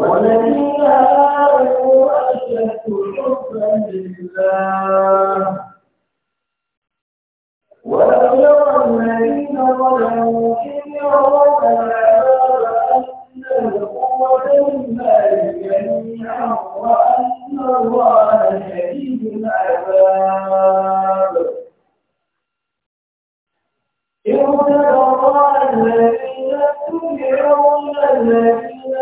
والذين آمنوا أشد حبا لله ولو يرى الذين ظلموا إذ يرون العذاب أن القوة لله جميعا وأن الله شديد العذاب إذ تبرأ الذين اتبعوا الذين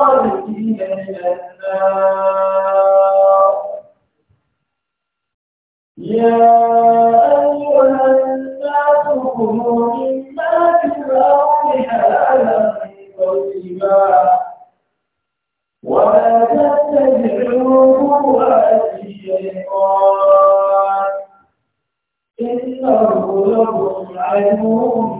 الخالدين من النار يا أيها الناس كلوا مما في حلالا طيبا ولا تتبعوا خطوات إنه لكم عدو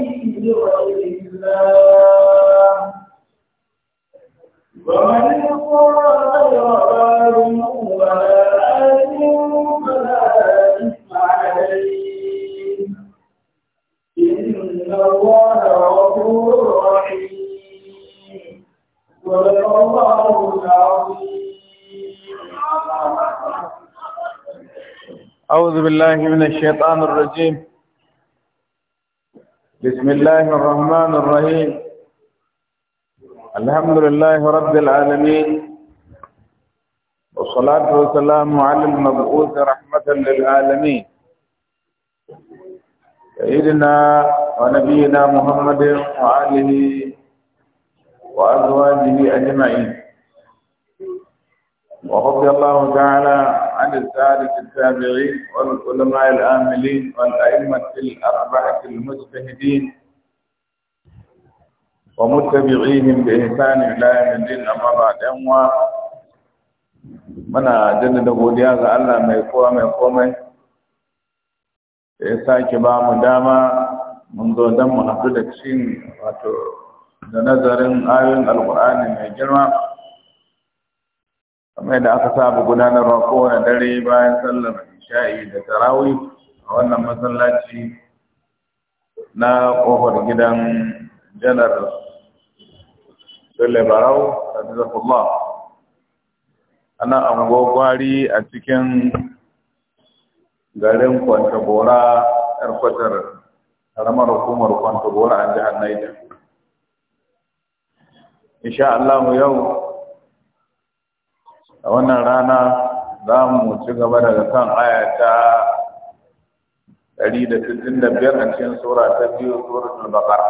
إليه غير الله ومن اضطر غير بار ولا آت فلا إثم عليه إن الله غفور رحيم صدق الله العظيم أعوذ بالله من الشيطان الرجيم بسم الله الرحمن الرحيم الحمد لله رب العالمين والصلاة والسلام على المبعوث رحمة للعالمين سيدنا ونبينا محمد وآله وأزواجه أجمعين ورضي الله تعالى وعن السادة التابعين والعلماء العاملين والأئمة الأربعة المجتهدين ومتبعيهم بإحسان إلى يوم الدين أما بعد أموا muna jaddada godiya ga Allah mai kowa mai komai da ya sake ba mu dama mun zo don mu da cin wato da nazarin ayoyin alkur'ani mai girma kamar yadda aka saba gudanarwa kowane dare bayan sallar isha'i da tarawi a wannan masallaci na kofar gidan janar dole Barau a Hadizahullah ana angogwari a cikin garin Kwantagora yar kwatar karamar hukumar gora a jihar Niger. Insha Allah mu yau a wannan rana za mu ci gaba daga kan aya ta 165 a cikin sura ta biyu suratul baqara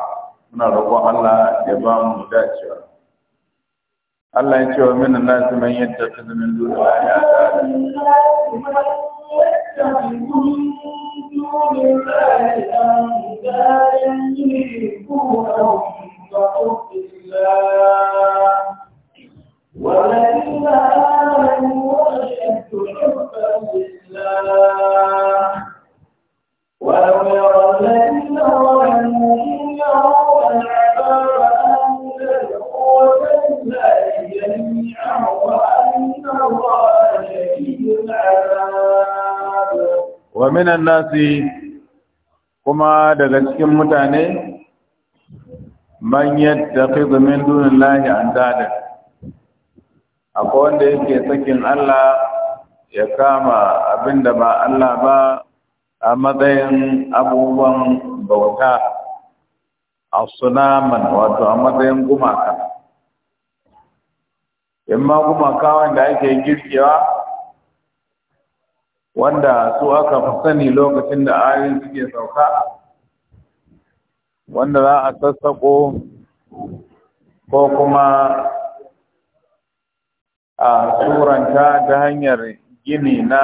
muna roƙon Allah ya ba mu dacewa Allah ya ce wa min an su man dole ba ya andada Waminan nasi kuma daga cikin mutane manyan da fi zumin dunin lahi an dada. akwai wanda yake sakin Allah ya kama abinda ba Allah ba a matsayin abubuwan bauta a sunaman wato a matsayin gumaka in ma gumaka wanda ake girkewa wanda su aka fi sani lokacin da ayoyin suke sauka wanda za a sassako ko kuma a suranta ta hanyar gini na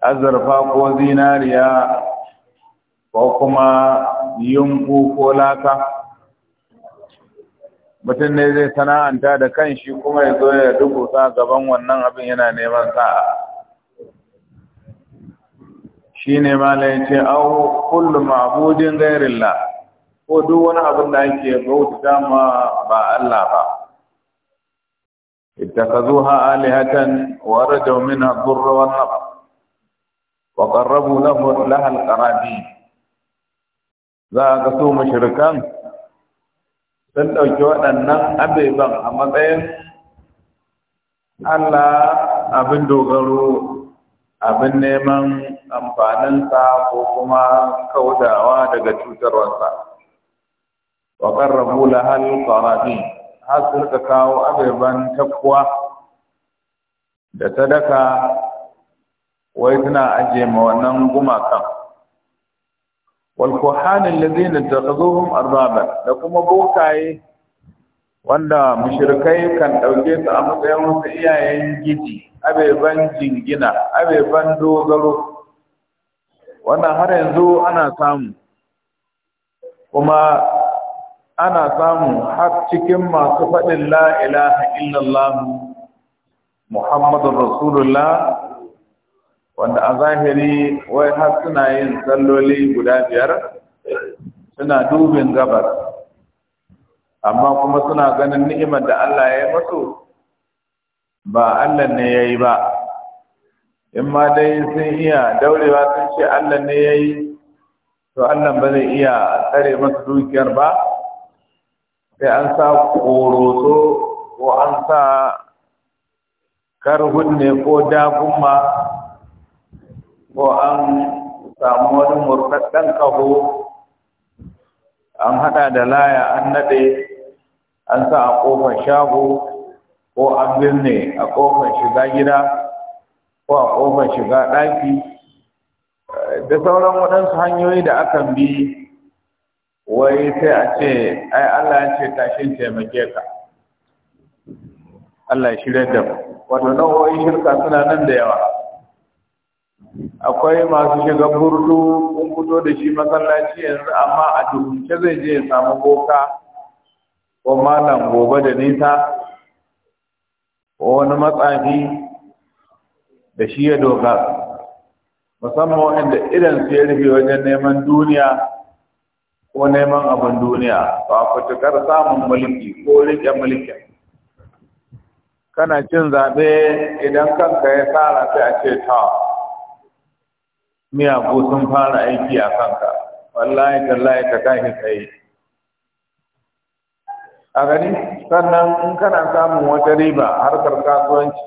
azurfa ko zinariya ko kuma yunku ko laka mutum ne zai sana'anta da kanshi kuma ya zo ya rubuta gaban wannan abin yana neman sa'a shi ne mala ya ce au kullu ma'budin la, ko duk wani abin da ake bauta ma ba Allah ba اتخذوها آلهة ورجوا منها الضر والنفع وقربوا له لها القرابين ذاك su مشركان sun ɗauki waɗannan abeban a matsayin Allah abin dogaro abin neman amfaninsa ko kuma kaudawa daga cutarwarsa wa ƙarrabu lahal ƙarabin har su kawo abeban takuwa da sadaka wai suna ajiye ma wannan gumakan والكهان الذين اتخذوهم اربابا da kuma bokaye wanda mushrikai kan ɗauke su a matsayin wasu iyayen giji abeban jingina abeban dogaro wannan har yanzu ana samu kuma ana samu har cikin masu faɗin la ilaha illallah muhammadun rasulullah wanda a zahiri wai har suna yin salloli guda biyar suna dubin gabar amma kuma suna ganin ni'imar da Allah ya yi masu ba Allah ne ya yi ba in ma dai sun iya daurewa sun ce Allah ne ya yi to Allah ba zai iya tsare masu dukiyar ba sai an sa ƙoroso ko an sa karhun ne ko dagumma ko an samu wani murkaɗɗen ƙaho an haɗa da laya an naɗe an sa a ƙofar shago ko an birne a ƙofar shiga gida ko a ƙofar shiga ɗaki eh, da sauran waɗansu hanyoyi da akan bi wai sai a ce ai Allah ya ce tashin taimake ka Allah ya shirya da mu wato nau'o'in shirka suna nan da yawa akwai masu shiga burdu kun fito da shi masallaci yanzu amma a duhunce zai je ya samu boka ko malam gobe da nisa ko wani matsafi da shi ya doka musamman wanda idan su ya rufe wajen neman duniya ko neman abin duniya ba fitukar samun mulki ko rike mulkin kana cin zaɓe idan kanka ya tsara sai a ce ta miyagu sun fara aiki a kanka wallahi tallahi ka kai a gani sannan in kana samun wata riba harkar kasuwanci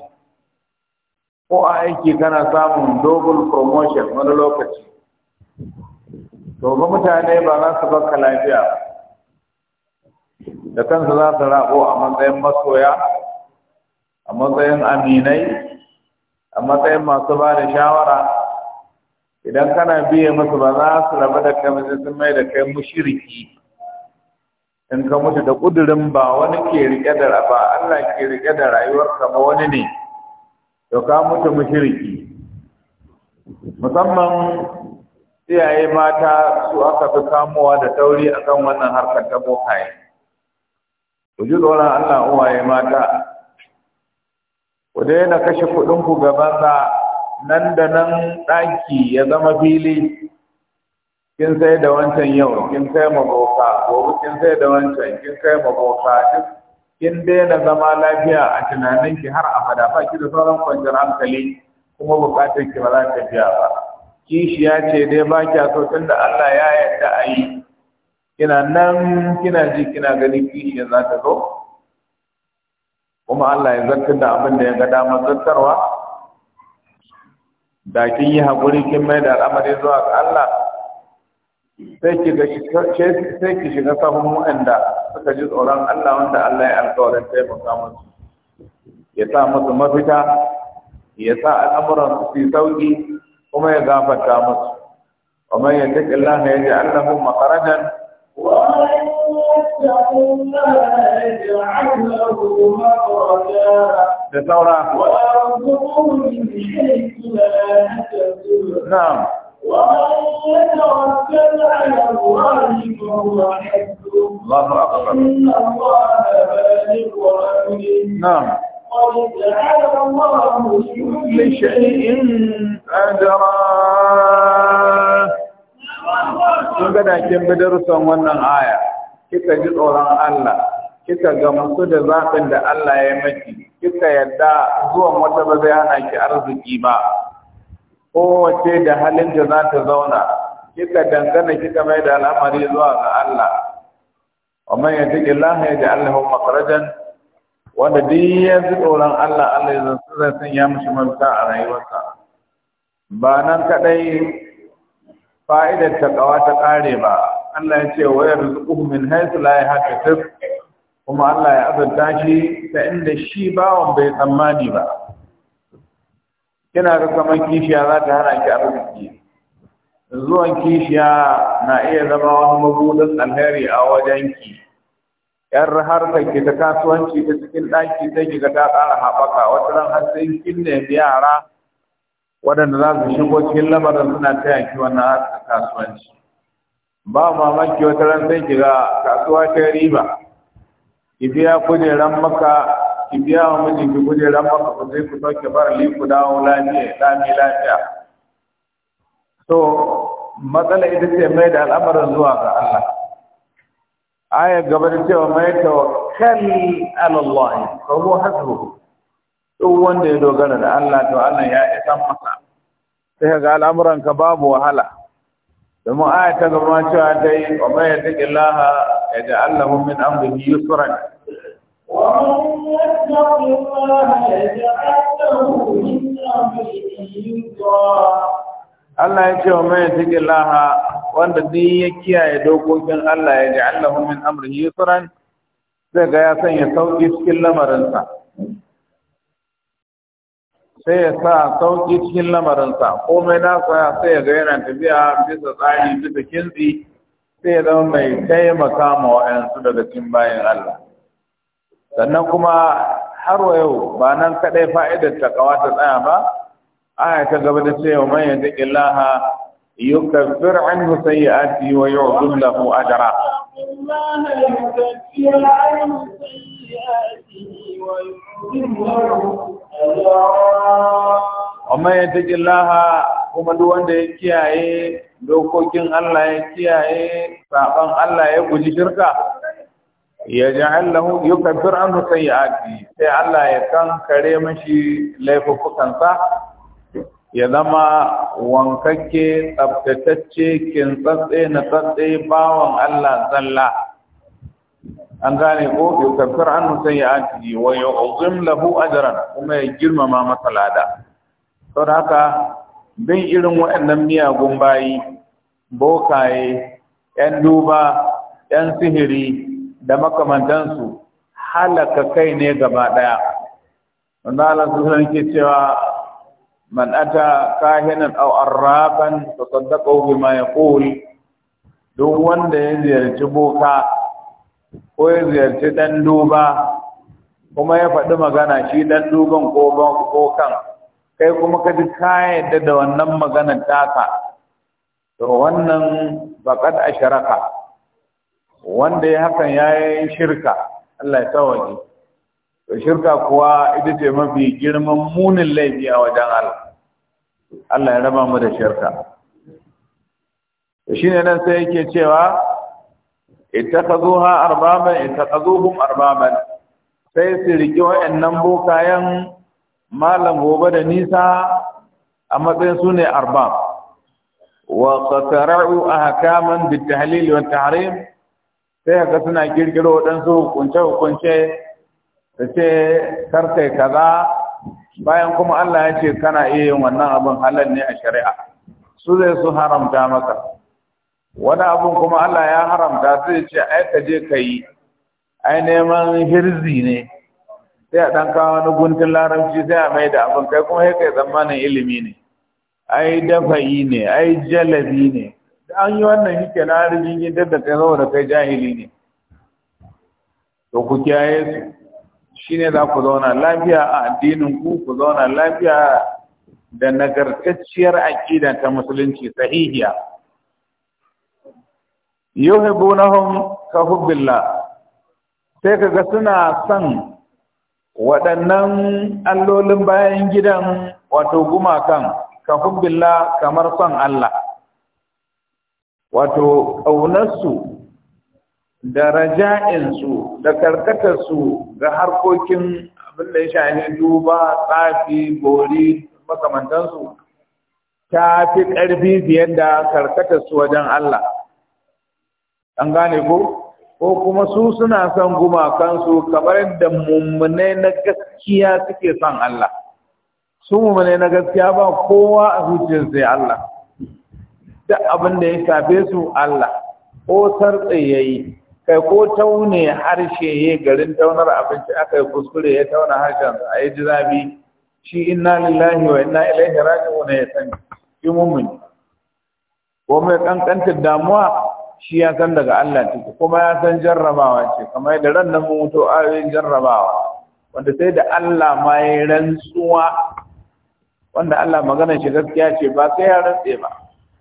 ko a aiki kana samun double promotion wani lokaci to ba mutane ba za su baka lafiya da kansu za su rabo a matsayin masoya a matsayin aminai a matsayin masu ba da shawara idan kana biye masu ba za su rabu da kai sun mai da kai mushiriki in ka mutu da kudurin ba wani ke rike da raba Allah ke rike da rayuwarka ba wani ne to ka mutu mushiriki musamman iyaye mata su aka fi kamowa da tauri a kan wannan harkar ta bokaye ku ji tsoron allah uwaye mata ku daina kashe kuɗinku gaban za, nan da nan ɗaki ya zama fili kin sai da wancan yau kin kai maboka gobe kin sai da wancan kin kai maboka kin daina zama lafiya a tunaninki har a ba ki da sauran kwanciyar hankali kuma bukatar ki ba za ta biya ba kishiya ce dai ba kya so tunda Allah ya yarda a yi kina nan kina ji kina gani kishi za ta zo kuma Allah ya zartar da abin da ya ga damar zartarwa da kin yi haƙuri kin mai da al'amari zuwa ga Allah sai ki shiga sahun wa'anda suka ji tsoron Allah wanda Allah ya alƙawarin taimaka musu ya sa musu mafita ya sa al'amuran su su sauƙi ومن يتق الله له ومن يتق الله يجعل له مخرجا بثورة من لا نعم ومن يتوكل على الله فهو حسبه الله اكبر ان الله بالغ امره نعم قد جعل الله لكل شيء أجرا sun kin bi wannan aya kika ji tsoron Allah kika ga da zaɓin da Allah ya maki kika yadda zuwan wata ba zai hana ki arziki ba kowace da halin da za ta zauna kika dangana kika mai da al'amari zuwa ga Allah wa man da Allah hau makarajan wanda duk ya ji tsoron Allah Allah ya zai sanya mishi mafita a rayuwarsa ba nan kadai fa'idar kawa ta ƙare ba Allah ya ce wa yarzuquhu min haythu la yahtasib kuma Allah ya azanta shi ta inda shi bawan bai tsammani ba kina ga kamar kishiya za ta hana ki arziki zuwan kishiya na iya zama wani mabudin alheri a wajen ki. yar harkar ki ta kasuwanci ta cikin ɗaki sai ki ga ta ƙara haɓaka wata ran har sai kin nemi yara waɗanda za su shigo cikin lamarin suna taya ki wannan harkar kasuwanci ba mamaki wata ran sai ki ga kasuwa ta riba ki biya kujeran maka ki biya wa mijinki kujeran maka ku je ku sauke bar li ku dawo lafiya lami lafiya to matsala ita ce mai da al'amarin zuwa ga Allah Aya gaba da cewa mai tawakkal ala Allah fa huwa hasbuhu wanda ya dogara da Allah to Allah ya isa masa sai ga al'amuran ka babu wahala domin aya ta gaba cewa dai wa mai yattaqillaha yaj'al lahu min amrihi yusran wa Allah ya ce wa mai taƙi laha wanda ni ya kiyaye dokokin Allah ya ji Allahu min amri yusran sai ga ya sanya sauki cikin lamarinsa sai ya sa sauƙi cikin lamarinsa komai nasa sai ya ga yana tafiya bisa tsari bisa kintsi sai ya zama mai taimaka ma wa'yansu daga cikin bayan Allah sannan kuma har wa yau ba nan kaɗai fa'idar takawa ta tsaya ba aya ta gaba da cewa man yattaqillaha yukaffir anhu sayyi'atihi wa yu'dhim lahu ajra amma ya taƙi laha kuma duk wanda ya kiyaye dokokin Allah ya kiyaye saban Allah ya guji shirka ya ji Allah yukabbir an sai Allah ya kankare mashi sa. ya zama wankakke tsabtatacce kintsatse na tsatse bawan Allah zalla an gane ko yau kafir an sai ya ajiye wa ya uzim lahu ajran kuma ya girmama masa lada saboda haka bin irin waɗannan miyagun bayi bokaye ‘yan duba ‘yan sihiri da makamantansu halaka kai ne gaba ɗaya wanda Allah su ke cewa من أتى كاهنا أو عرافا تصدقوا بما يقول duk wanda ya ziyarci boka ko ya ziyarci ɗan duba kuma ya faɗi magana shi ɗan duban ko bokan kai kuma ka ji ka yadda da wannan maganar taka to wannan baƙad a sharaka wanda ya hakan ya yi shirka Allah ya tawaje shirka kuwa ita ce mafi girman munin laifi a wajen Allah Allah ya raba mu da shirka ne nan sai yake cewa ittakhazuha arbaban ittakhazuhum arbaban sai su riƙe wa'annan bokayen malam gobe da nisa a matsayin su ne arbab wa qatara'u ahkaman bitahlil wa tahrim sai ga suna kirkiro waɗansu hukunce hukunce ta ce karkai kaza bayan kuma Allah ya ce kana iya yin wannan abin halal ne a shari'a su zai su haramta maka wani abin kuma Allah ya haramta sai ce ai ka je ka yi ai neman hirzi ne sai a ɗan kawo wani guntun larabci sai a mai da abin kai kuma kai tsammanin ilimi ne ai dafa'i ne ai jalabi ne an yi wannan shike na rigingin da kai saboda kai jahili ne to ku kiyaye su shine za ku zauna lafiya a addinin ku ku zauna lafiya da nagartacciyar aƙida ta musulunci sahihiya yuhibbunahum ka hubbillah sai kaga suna son waɗannan allolin bayan gidan wato gumakan ka hubbillah kamar son Allah wato ƙaunarsu da raja'insu da karkatarsu ga harkokin abin da ya shafi duba tsafi bori makamantansu ta fi ƙarfi fiye da karkatarsu wajen Allah an gane ko ko kuma su suna son gumakansu kamar yadda mummunai na gaskiya suke son Allah su mummunai na gaskiya ba kowa a zuciyar sai Allah duk abin da ya shafe su Allah ko yayi kai ko taune harshe ya garin taunar abinci aka yi kuskure ya tauna harshen a yi jirabi shi inna lillahi wa inna ilaihi raji'un ya sani shi mummuni ko mai kankantar damuwa shi ya san daga Allah ciki kuma ya san jarrabawa ce kamar yadda ran nan mun mutu ayoyin jarrabawa wanda sai da Allah ma ya rantsuwa wanda Allah magana shi gaskiya ce ba sai ya rantse ba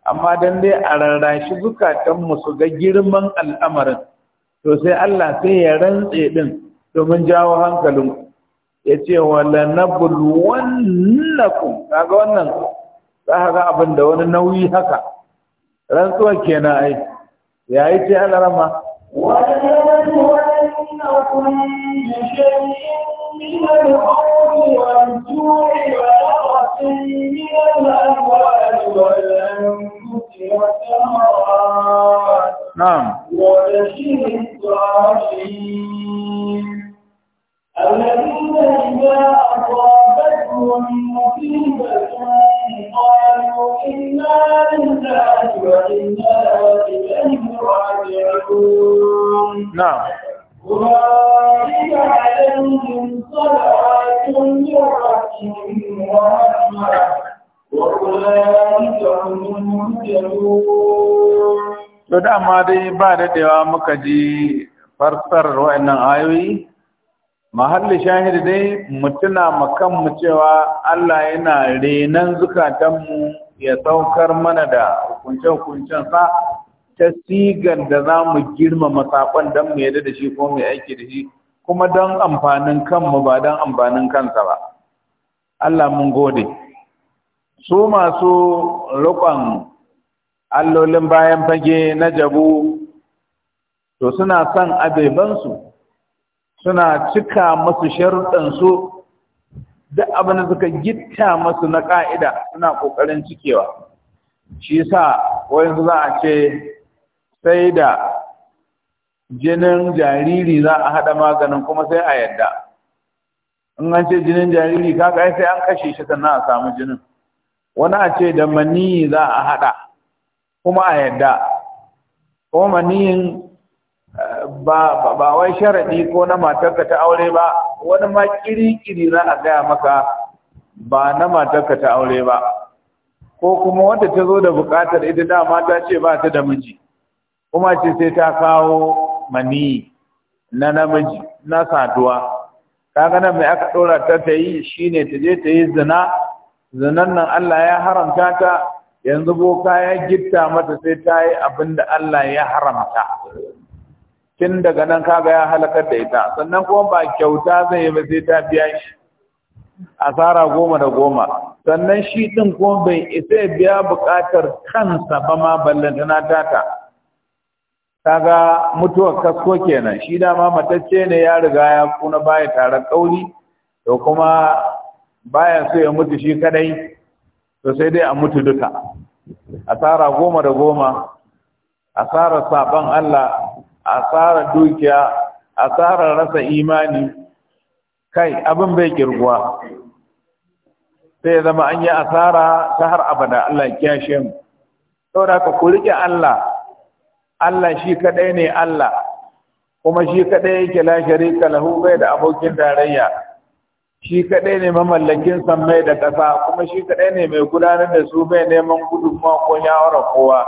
amma dan dai a rarrashi zukatan mu su ga girman al'amarin to sai Allah sai ya rantse din domin jawo hankalin ya ce wala wannakum kaga wannan za ka ga abin da wani nauyi haka Rantsuwa kenan ai yayi ce Allah rama كل من الخوف والجوع ونقص من الأموال والأنفس والثمرات نعم وبشر الصابرين الذين إذا أصابتهم مصيبة قالوا إنا لله وإنا إليه راجعون نعم أولئك To dama dai ba daɗewa muka ji farsar wa'annan ayoyi, mahalli shahid dai mutuna makanmu cewa Allah yana renan zukatanmu ya saukar mana da hukunce-hukuncensa ta sigar da za mu girmama saƙon don mu yadda da shi ko mu aiki da shi kuma don amfanin kanmu ba don amfanin kansa ba Allah mun gode su masu rukon allolin bayan fage na jabu to suna son abebansu suna cika masu sharuɗansu duk abin da suka gitta masu na ƙa'ida suna ƙoƙarin cikewa shi sa wayansu za a ce sai da jinin jariri za a haɗa maganin kuma sai a yadda in an ce jinin jariri kaga ai sai an kashe shi sannan a samu jinin wani a ce da maniyi za a haɗa kuma a yadda kuma maniyin ba ba wai sharaɗi ko na matarka ta aure ba wani ma ƙiri-ƙiri za a gaya maka ba na matarka ta aure ba ko kuma wanda ta zo da bukatar ita dama ta ce ba ta da miji kuma ce sai ta kawo mani na namiji na saduwa kaga nan mai aka dora ta ta yi shine ta je ta yi zina zinan nan Allah ya haramta ta yanzu boka ya gitta mata sai ta yi abin da Allah ya haramta tun daga nan kaga ya halakar da ita sannan kuma ba kyauta zai yi ba sai ta biya shi asara goma da goma sannan shi ɗin kuma bai isa biya bukatar kansa ba ma ballantana tata kaga mutuwar kasko kenan shi dama matacce ne ya riga ya kuna baya tare kauri to kuma baya so ya mutu shi kadai to sai dai a mutu duka asara goma da goma asara saban Allah asara dukiya asara rasa imani kai abin bai kirguwa sai zama an yi asara ta har abada Allah ya kiyashe mu saboda ka ku riƙe Allah Allah shi kaɗai ne Allah kuma shi kaɗai yake la kalahu lahu bai da abokin tarayya shi kadai ne mamallakin san mai da ƙasa kuma shi kaɗai ne mai gudanar da su bai neman gudunmawa ko yawara kowa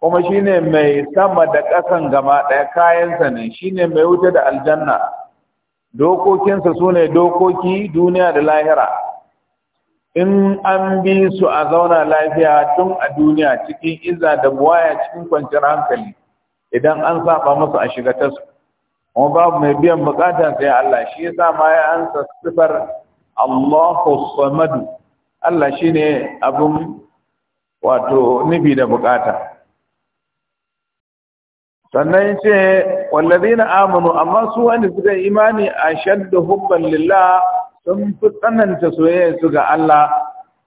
kuma shi ne mai sama da ƙasan gama ɗaya kayansa ne shi ne mai wuta da aljanna dokokinsa su ne dokoki duniya da lahira in an bi su a zauna lafiya tun a duniya cikin iza da buwaya cikin kwanciyar hankali idan an saba musu a shiga ta su kuma babu mai biyan bukata sai Allah shi yasa ma ya ansa sifar Allahu Samad Allah shine abun wato nufi da bukata sannan yace wallazina amanu amma su wanda suka imani ashaddu hubban lillah sun fi tsananta soyayya su ga Allah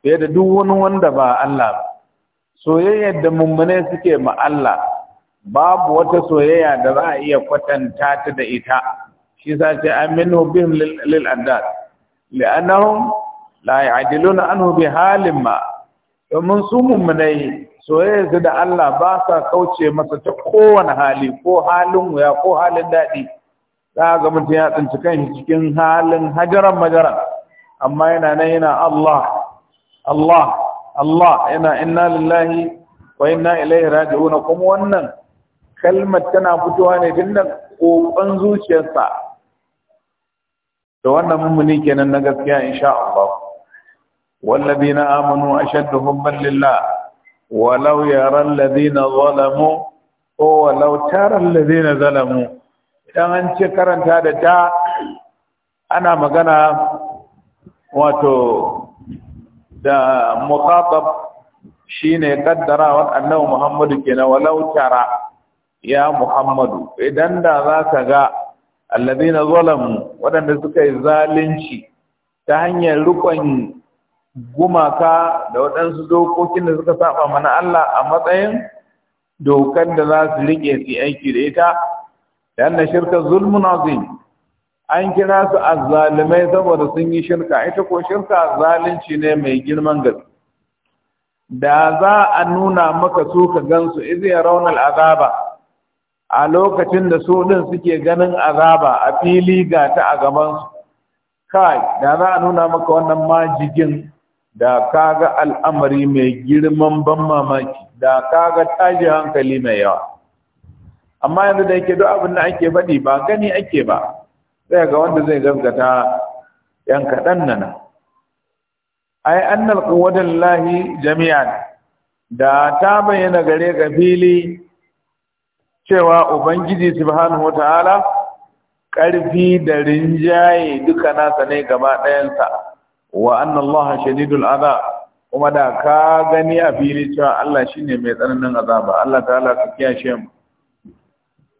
fiye da duk wani wanda ba Allah ba soyayyar da mummune suke ma Allah babu wata soyayya da za a iya kwatanta ta da ita shi sa ce aminu bin lil addad li'annahum la ya'diluna anhu bi halin ma domin su mummunai su da Allah ba sa kauce masa ta kowane hali ko halin wuya ko halin daɗi za a mutum ya tsinci kanshi cikin halin hajaran majaran amma yana nan yana Allah Allah Allah yana inna lillahi wa inna ilaihi raji'un kuma wannan kalmar tana fitowa ne tun da kokon zuciyarsa da wannan mummuni kenan na gaskiya insha Allah والذين آمنوا أشد حبا لله ولو يرى الذين ظلموا ولو ترى الذين ظلموا dan an ce karanta da ta ana magana wato da mukhatab shine wa annabi Muhammadu kenan walau tara ya Muhammadu idan da za ka ga alladhina zalamu waɗanda suka yi zalunci ta hanyar rukon gumaka da waɗansu dokokin da suka saba mana Allah a matsayin dokar da za su riƙe su aiki da ita لأن شرك ظلم an kira su azzalimai saboda sun yi shirka ita ko shirka zalunci ne mai girman gaske da za a nuna maka su ka gansu izi ya raunar azaba a lokacin da su ɗin suke ganin azaba a fili ga ta a gabansu kai da za a nuna maka wannan majigin da kaga al'amari mai girman ban mamaki da kaga tashi hankali mai yawa amma yanzu da yake duk abin da ake faɗi ba gani ake ba sai ga wanda zai gaskata yan kaɗan nan ai annal quwwatul lahi jami'an da ta bayyana gare ga fili cewa ubangiji subhanahu wataala ƙarfi da rinjaye duka nasa ne gaba ɗayansa wa annallaha shadidul adha kuma da ka gani a fili cewa Allah shine mai tsananin azaba Allah ta'ala ka kiyashe mu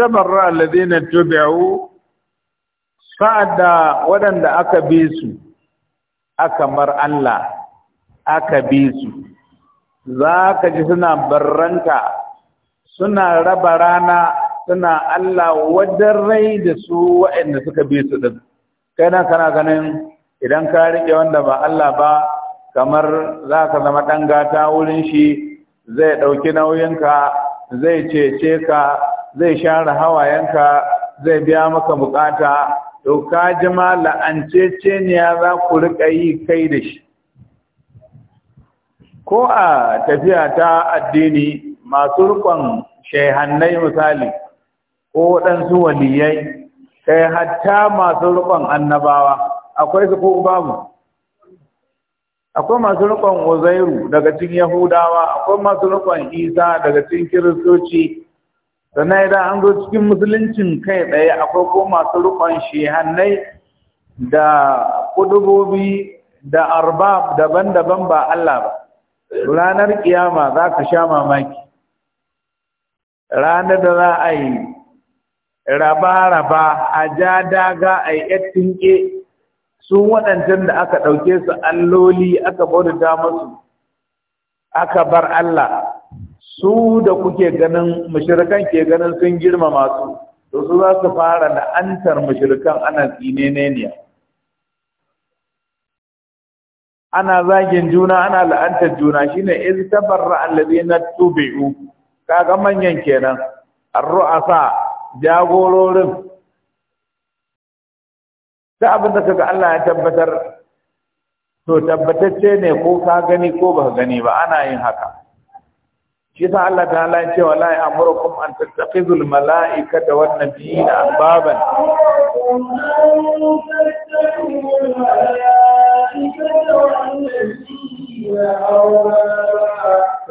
tabarra alladhina tubi'u sa'ada waɗanda aka bi su aka mar Allah aka bi su za ka ji suna barranka suna raba rana suna Allah wadan rai da su wa'anda suka bi su din. kai na kana ganin idan ka rike wanda ba Allah ba kamar za ka zama ɗan gata wurin shi zai ɗauki nauyinka zai cece ka zai share hawayenka zai biya maka bukata to ka ji ne la'anceceniya za ku rika yi kai da shi ko a tafiya ta addini masu rikon shaihannai misali ko waɗansu waliyai kai hatta masu rikon annabawa akwai su ko babu akwai masu rikon uzairu daga cikin yahudawa akwai masu rikon isa daga cikin kiristoci sannan idan an zo cikin musuluncin kai ɗaya akwai ko masu rukon shehannai da kudubobi da arbab daban-daban ba Allah ba ranar kiyama za ka sha mamaki ranar da za a yi raba-raba a ja daga a yi yattinke sun waɗancan da aka ɗauke su alloli aka bauta musu aka bar Allah su da kuke ganin mushrikan ke ganin sun girmama masu to su za su fara la'antar mushrikan ana ne. ana zagin juna ana la'antar juna shine iz tabarra alladhina tubi'u kaga manyan kenan arru'asa jagororin ta abin da kaga Allah ya tabbatar to tabbatacce ne ko ka gani ko ba gani ba ana yin haka shi yasa Allah ta'ala ya ce wala ya'murukum an tattakhidhu al-mala'ikata wan nabiyina arbaban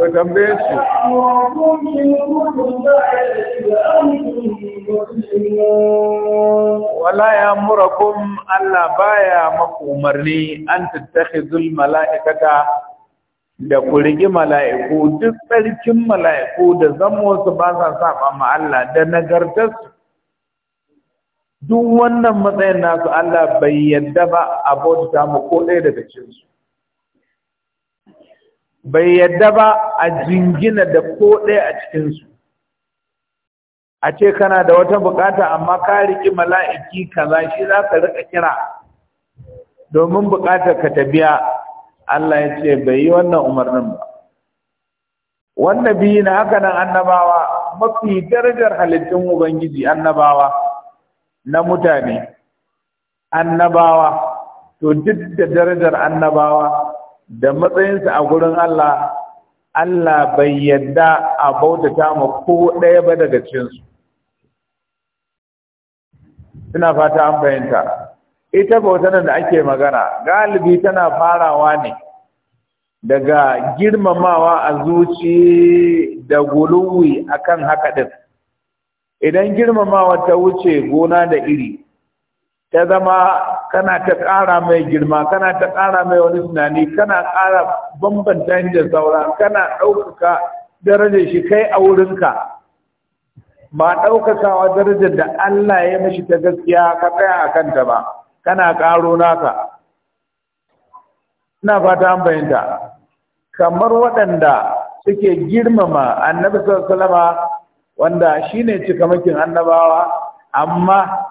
to tambaye su wala ya'murukum Allah baya maku umarni an tattakhidhu al-mala'ikata da ku mala'iku duk tsarkin mala'iku da wasu ba sa saba ma Allah da nagartarsu duk wannan matsayin nasu Allah bai yadda ba a bauta mu ko ɗaya daga cinsu bai yadda ba a jingina da ko ɗaya a cikinsu a ce kana da wata bukata amma ka riki mala'iki kaza shi za ka rika kira domin bukatar ka ta biya Allah ya ce bai yi wannan umarnin ba wanda biyu na haka nan annabawa mafi darajar halittun ubangiji annabawa na mutane annabawa to duk da darajar annabawa da matsayinsa a gurin Allah Allah bai yadda a bautata ma ko ɗaya ba daga cikinsu. Suna fata an fahimta. ita bautar da ake magana galibi tana farawa ne daga girmamawa a zuci da guluwi akan haka din idan girmamawa ta wuce gona da iri ta zama kana ta ƙara mai girma kana ta ƙara mai wani tunani kana ƙara bambanta da saura kana ɗaukaka darajar shi kai a wurinka ba ɗaukakawa darajar da Allah ya mashi ta gaskiya ka tsaya a kanta ba kana ƙaro naka ina fata an fahimta kamar waɗanda suke girmama annabi wasallam wanda shine cikamakin annabawa amma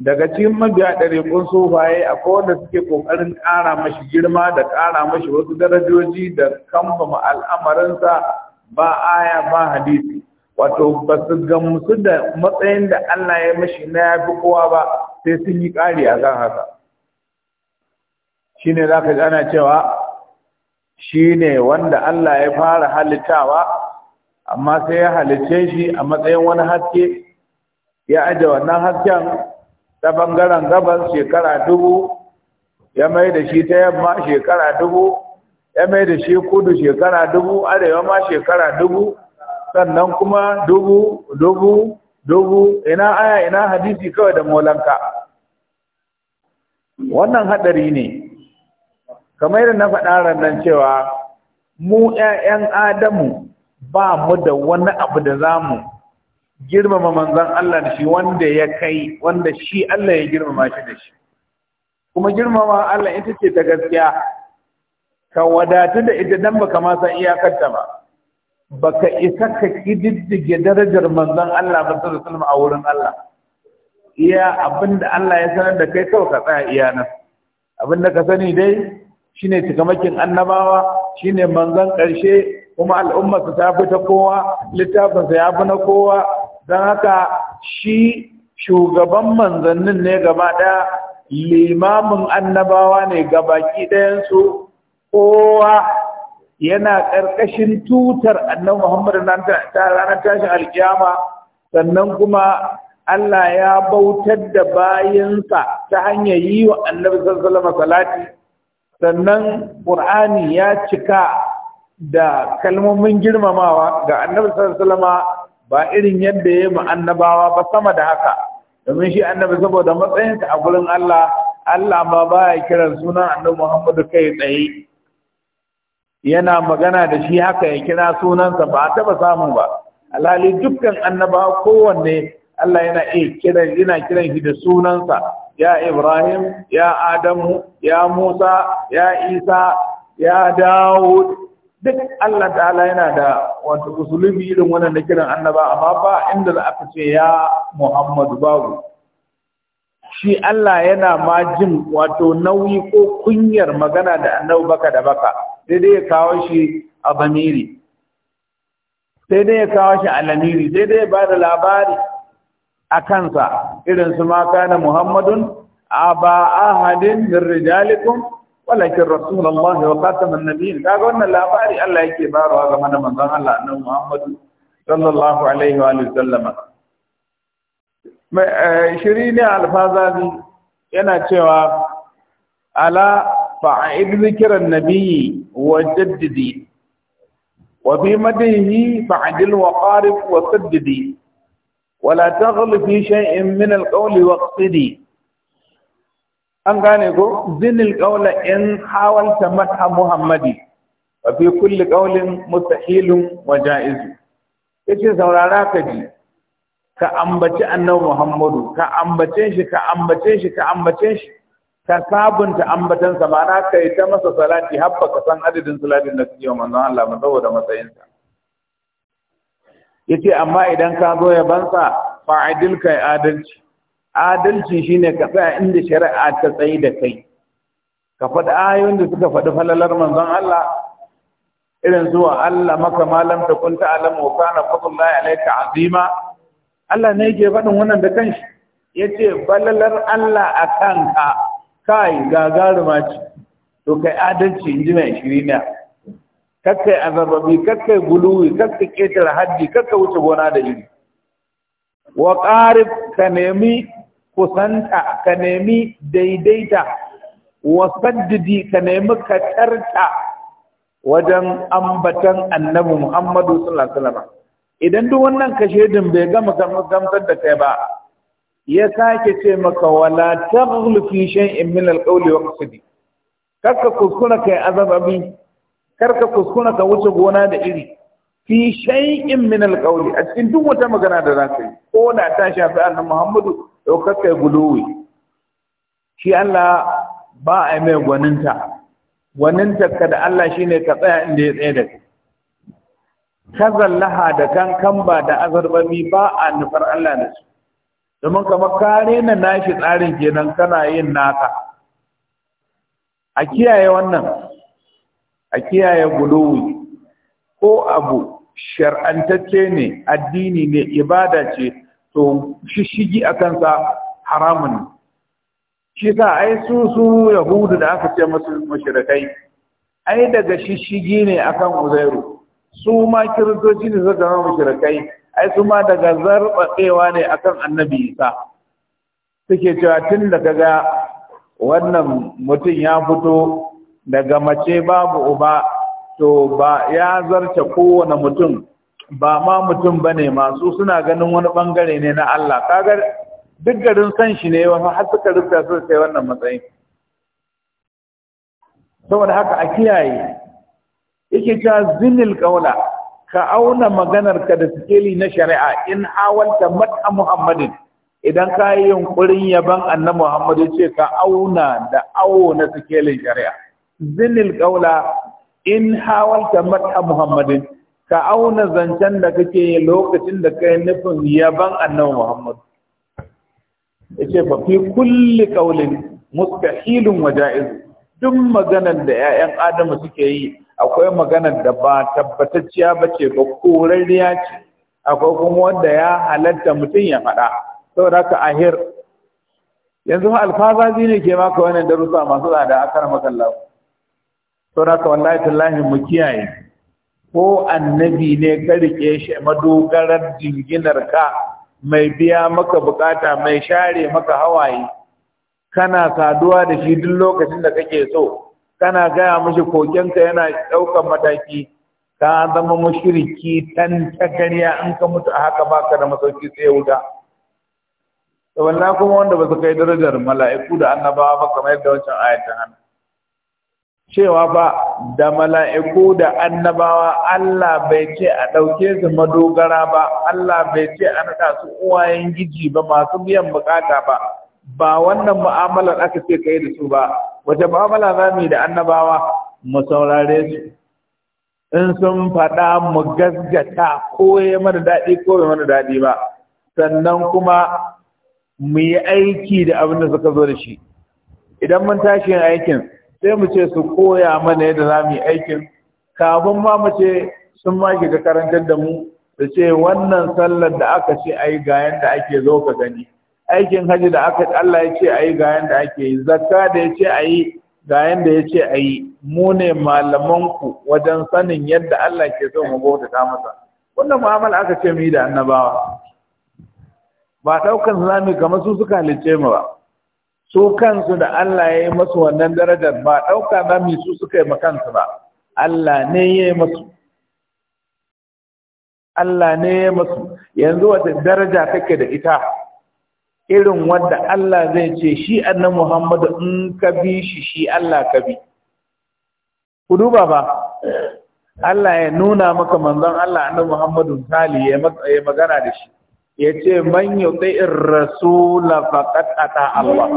daga cikin mabiya ɗariƙun sofaye a wanda suke ƙoƙarin ƙara mashi girma da ƙara mashi wasu darajoji da kamfama al'amarinsa ba aya ba hadisi wato ba su gamsu da matsayin da Allah ya mashi na ya fi kowa ba sai sun yi ƙari a kan haka shine za ka gana cewa shi ne wanda Allah ya fara halittawa amma sai ya halicce shi a matsayin wani haske ya aje wannan hasken ta bangaren gabas shekara dubu ya mai da shi ta yamma shekara dubu ya mai da shi kudu shekara dubu arewa ma shekara dubu sannan kuma dubu dubu dubu ina aya ina hadisi kawai da molanka wannan hadari ne kamar yadda na faɗa rannan cewa mu ƴaƴan adamu ba mu da wani abu da za mu girmama manzon Allah da shi wanda ya kai wanda shi Allah ya girmama shi da shi kuma girmama Allah ita ce ta gaskiya ka wadatu da ita dan baka ma san iyakarta ba baka isa ka kididdige darajar manzon Allah ba sallallahu alaihi a wurin Allah iya abinda Allah ya sanar da kai kawai ka tsaya iya nan abinda ka sani dai shine cikamakin annabawa shine manzon karshe kuma al'ummar ta fi ta kowa littafinsa ya fi na kowa don haka shi shugaban manzannin ne gaba ɗaya limamin annabawa ne ga baki ɗayansu kowa yana ƙarƙashin tutar annan Muhammad ta ranar tashin alkiyama sannan kuma Allah ya bautar da bayansa ta hanyar yi wa annabi sallallahu salati sannan Qur'ani ya cika da kalmomin girmamawa ga annabi sallallahu ba irin yadda ya mu annabawa ba sama da haka domin shi annabi saboda matsayinsa a gurin Allah Allah ma baya kiran sunan annabi muhammadu kai tsaye yana magana da shi haka ya kira sunansa ba a taba samu ba alhali dukkan annabawa kowanne Allah yana iya kiran yana kiran shi da sunansa ya Ibrahim ya Adamu ya Musa ya Isa ya Dawud duk Allah ta'ala yana da wato usulubi irin wannan da kiran annaba amma ba inda za aka ce ya Muhammadu babu shi Allah yana ma jin wato nauyi ko kunyar magana da annabi baka da baka sai dai ya kawo shi a bamiri sai dai ya kawo shi a lamiri daidai ya ba da labari a kansa irin su ma na muhammadun a ahadin min rijalikum walakin rasulullahi wa khataman nabiyyin kaga wannan labari Allah yake barawa ga da manzon Allah annabi Muhammadu sallallahu alaihi wa sallama Eh, shiri ne alfazazi yana cewa ala fa'id zikiran nabiyyi wa jaddidi wa fi madihi fa'adil wa qarib wa saddidi wala taghlu fi shay'in min alqawli waqtidi an gane ko zinil qawla in hawalta madha muhammadi wa fi kulli qawlin mustahilun wa jaiz yace saurara ka ji ka ambaci annabi Muhammadu ka ambace shi ka ambace shi ka ambace shi ka sabunta ambatansa sa ka yi ta masa salati habba ka san adadin salatin da suke wa Allah ba saboda matsayinsa yace amma idan ka zo ya fa adil kai adalci adalci shine ka tsaya inda shari'a ta tsayi da kai ka faɗi ayoyin da suka faɗi falalar manzon Allah irin zuwa Allah maka malam ta kunta alamu kana fadlullahi alayka azima Allah ne yake faɗin wannan da kanshi Ya yace balalar Allah a kanka kai gagaruma ce to kai adalci inji mai shirina kakkai azababi kakkai guluwi kakkai ketar haddi kakkai wuce gona da iri wa qarib ka nemi kusanta ka nemi daidaita wa saddidi ka nemi ka tarta wajen ambatan annabi Muhammadu sallallahu alaihi wasallam idan duk wannan kashe din bai gama gamsar da kai ba ya sake ce maka wala taghlu fi shay'in min al wa qasdi karka kuskura kai azababi karka kuskura ka wuce gona da iri fi shay'in min al a cikin duk wata magana da za ka yi ko da ta shafi annabi Muhammadu to kai guluwi shi Allah ba a yi mai gwaninta gwaninta kada Allah Allah shine ka tsaya inda ya tsaya da kai laha da ba da azarbami ba a nufar Allah da su domin kamar ka rena nashi tsarin kenan kana yin naka a kiyaye wannan a kiyaye guluwi ko abu shar'antacce ne addini ne ibada ce to shishigi a kansa haramun shi sa ai su su yahudu da aka ce masu mashirakai ai daga shishigi ne akan uzairu su ma kiristoci ne suka zama mushrikai ai su ma daga zarbatsewa ne akan annabi isa suke cewa tun da kaga wannan mutum ya fito daga mace babu uba to ba ya zarce kowane mutum ba ma mutum ba ne masu suna ganin wani bangare ne na Allah kaga duk garin san shi ne wasu har suka rufe su sai wannan matsayin saboda haka a kiyaye yake cewa zinil kaula ka auna maganar ka da sikeli na shari'a in hawalta mata muhammadin idan ka yi yunkurin yaban annabi muhammadu ce ka auna da awo na sikelin shari'a zinil kaula in hawalta mata muhammadin ka auna zancen da kake yi lokacin da kai nufin yaban annabi Muhammad yace ba fi kulli kaulin mustahilun wa ja'iz duk maganar da 'ya'yan Adamu suke yi akwai maganar da ba tabbatacciya ba ce ba korarriya ce akwai kuma wanda ya halatta mutum ya faɗa saboda ka ahir yanzu alfazazi ne ke maka wannan darussa masu tsada a kan makallahu saboda haka wallahi tallahi mu kiyaye ko annabi ne ka rike shi madogarar jinginar ka mai biya maka bukata mai share maka hawaye kana saduwa da shi duk lokacin da kake so kana gaya mishi kokenka yana ɗaukar mataki ka zama mashiriki tan ta in ka mutu a haka baka da masauki sai ya wuta Da wanda kuma wanda ba su kai darajar mala'iku da annabawa ba kamar yadda wancan ta hannu cewa ba da mala'iku da annabawa Allah bai ce a ɗauke su madogara ba Allah bai ce a naɗa su uwayen giji ba masu biyan bukata ba ba wannan mu'amalar aka ce ka yi da su ba Wace mu'amala za mu yi da annabawa mu saurare su in sun faɗa mu gasgata ko ya mana daɗi ko ya mana daɗi ba sannan kuma mu yi aiki da abin da suka zo da shi idan mun tashi yin aikin sai mu ce su koya mana yadda za mu yi aikin kafin ma mu ce sun ma shiga karantar da mu da ce wannan sallar da aka ce ai ga yadda ake zo ka gani aikin haji da aka Allah ya ce a yi ga yanda ake yi zakka da ya ce a yi ga yadda ya ce a yi mu ne malamanku wajen sanin yadda Allah ke so mu ta masa wannan mu'amala aka ce mu yi da annabawa ba daukan zami kamar su suka halicce mu ba su kansu da Allah ya yi masu wannan darajar ba dauka zami su suka yi kansu ba Allah ne ya yi masu Allah ne ya masu yanzu wata daraja kake da ita irin wanda Allah zai ce shi annan Muhammadu in ka bi shi shi Allah ka bi. Ku duba ba, Allah ya nuna maka manzon Allah annan Muhammadu tali ya magana da shi. Ya ce, Man yau tsayin rasula faƙat Allah.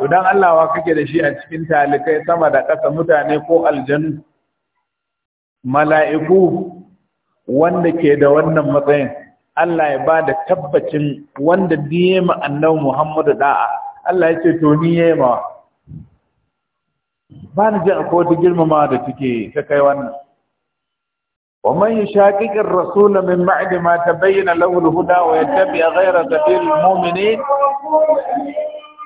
Tudan Allah wa kake da shi a cikin talikai sama da ƙasa mutane ko aljanu, mala'iku wanda ke da wannan matsayin Allah ya ba da tabbacin wanda ma annabi Muhammadu da'a Allah ya ce to ni ma ba ni jin akwai wata girmama da take ta kai wannan wa man yashaqiqi ar-rasul min ba'd ma tabayyana lahu al-huda wa yattabi ghayra sabilil muminin